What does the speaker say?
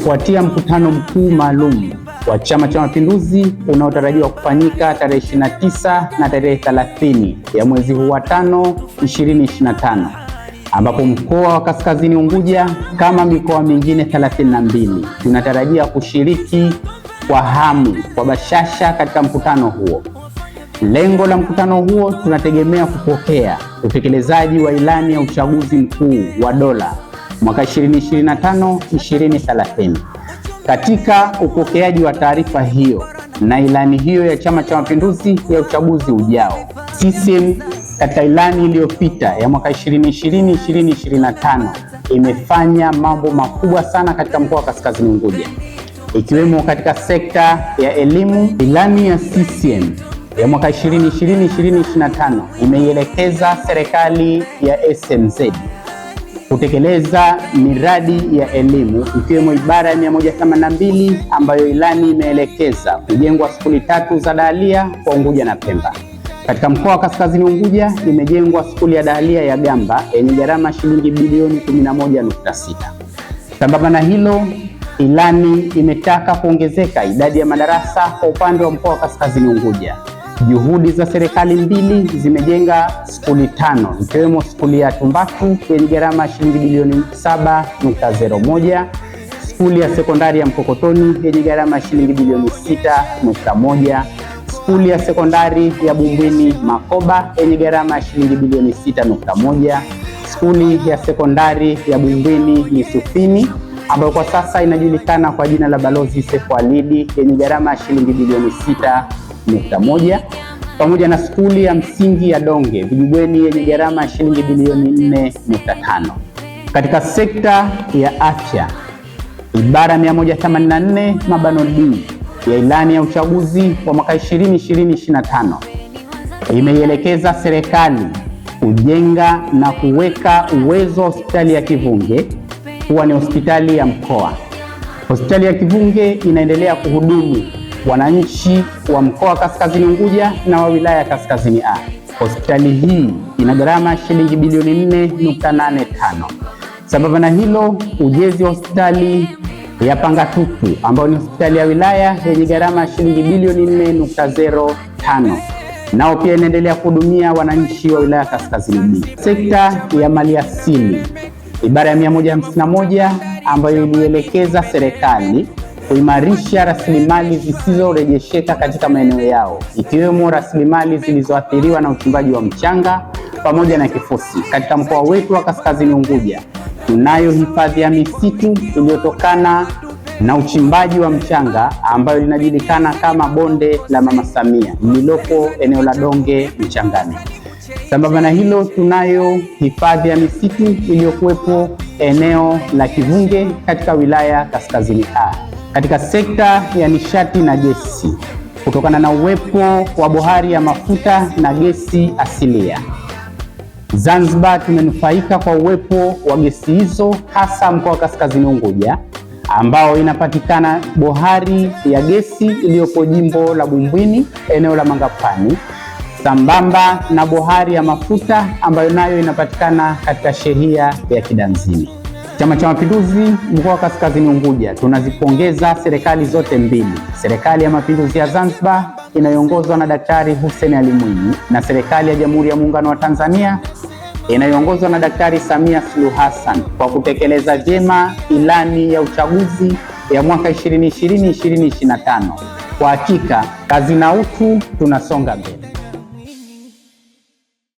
Kufuatia mkutano mkuu maalum wa Chama cha Mapinduzi unaotarajiwa kufanyika tarehe 29 na tarehe 30 ya mwezi huu wa tano 2025, ambapo mkoa wa Kaskazini Unguja kama mikoa mingine 32 tunatarajia kushiriki kwa hamu, kwa bashasha katika mkutano huo. Lengo la mkutano huo tunategemea kupokea utekelezaji wa ilani ya uchaguzi mkuu wa dola mwaka 2025 2030. Katika upokeaji wa taarifa hiyo na ilani hiyo ya Chama cha Mapinduzi ya uchaguzi ujao, CCM katika ilani iliyopita ya mwaka 2020 2025 imefanya mambo makubwa sana katika mkoa wa Kaskazini Unguja ikiwemo katika sekta ya elimu. Ilani ya CCM ya mwaka 2020 2025 imeielekeza serikali ya SMZ kutekeleza miradi ya elimu ikiwemo ibara ya 182 ambayo ilani imeelekeza kujengwa skuli tatu za dahalia kwa Unguja na Pemba. Katika mkoa wa Kaskazini Unguja imejengwa skuli ya dahalia ya Gamba yenye gharama shilingi bilioni 11.6. Sambamba na hilo, ilani imetaka kuongezeka idadi ya madarasa kwa upande wa mkoa wa Kaskazini Unguja. Juhudi za serikali mbili zimejenga skuli tano ikiwemo skuli ya Tumbaku yenye gharama ya shilingi bilioni 7.01, skuli ya sekondari ya Mkokotoni yenye gharama ya shilingi bilioni 6.1, skuli ya sekondari ya Bumbwini Makoba yenye gharama ya shilingi bilioni 6.1, skuli ya sekondari ya Bumbwini Misufini ambayo kwa sasa inajulikana kwa jina la Balozi Sefu Alidi yenye gharama ya shilingi bilioni 6 nukta moja pamoja na skuli ya msingi ya Donge Vijibweni yenye gharama ya shilingi bilioni 4.5. Katika sekta ya afya, ibara 184 mabano D ya ilani ya uchaguzi wa mwaka 2020-2025 imeielekeza serikali kujenga na kuweka uwezo wa hospitali ya Kivunge kuwa ni hospitali ya mkoa. Hospitali ya Kivunge inaendelea kuhudumu wananchi wa mkoa wa Kaskazini Unguja na wa wilaya ya Kaskazini A. Hospitali hii ina gharama shilingi bilioni 4.85. Sambamba na hilo, ujenzi wa hospitali ya Pangatuku ambayo ni hospitali ya wilaya yenye gharama ya shilingi bilioni 4.05 nao pia inaendelea kuhudumia wananchi wa wilaya Kaskazini B. Sekta ya maliasili ibara ya 151 ambayo ilielekeza serikali kuimarisha rasilimali zisizorejesheka katika maeneo yao, ikiwemo rasilimali zilizoathiriwa na uchimbaji wa mchanga pamoja na kifusi. Katika mkoa wetu wa Kaskazini Unguja, tunayo hifadhi ya misitu iliyotokana na uchimbaji wa mchanga ambayo linajulikana kama bonde la Mama Samia lililopo eneo la Donge Mchangani. Sambamba na hilo, tunayo hifadhi ya misitu iliyokuwepo eneo la Kivunge katika wilaya Kaskazini A katika sekta ya nishati na gesi kutokana na uwepo wa bohari ya mafuta na gesi asilia. Zanzibar tumenufaika kwa uwepo wa gesi hizo hasa mkoa wa Kaskazini Unguja ambao inapatikana bohari ya gesi iliyopo jimbo la Bumbwini eneo la Mangapani sambamba na bohari ya mafuta ambayo nayo inapatikana katika shehia ya Kidanzini. Chama cha Mapinduzi mkoa wa Kaskazini Unguja tunazipongeza serikali zote mbili, serikali ya mapinduzi ya Zanzibar inayoongozwa na Daktari Hussein Ali Mwinyi na serikali ya Jamhuri ya Muungano wa Tanzania inayoongozwa na Daktari Samia Suluhu Hassan kwa kutekeleza vyema ilani ya uchaguzi ya mwaka 2020 2025. Kwa hakika kazi na utu, tunasonga mbele.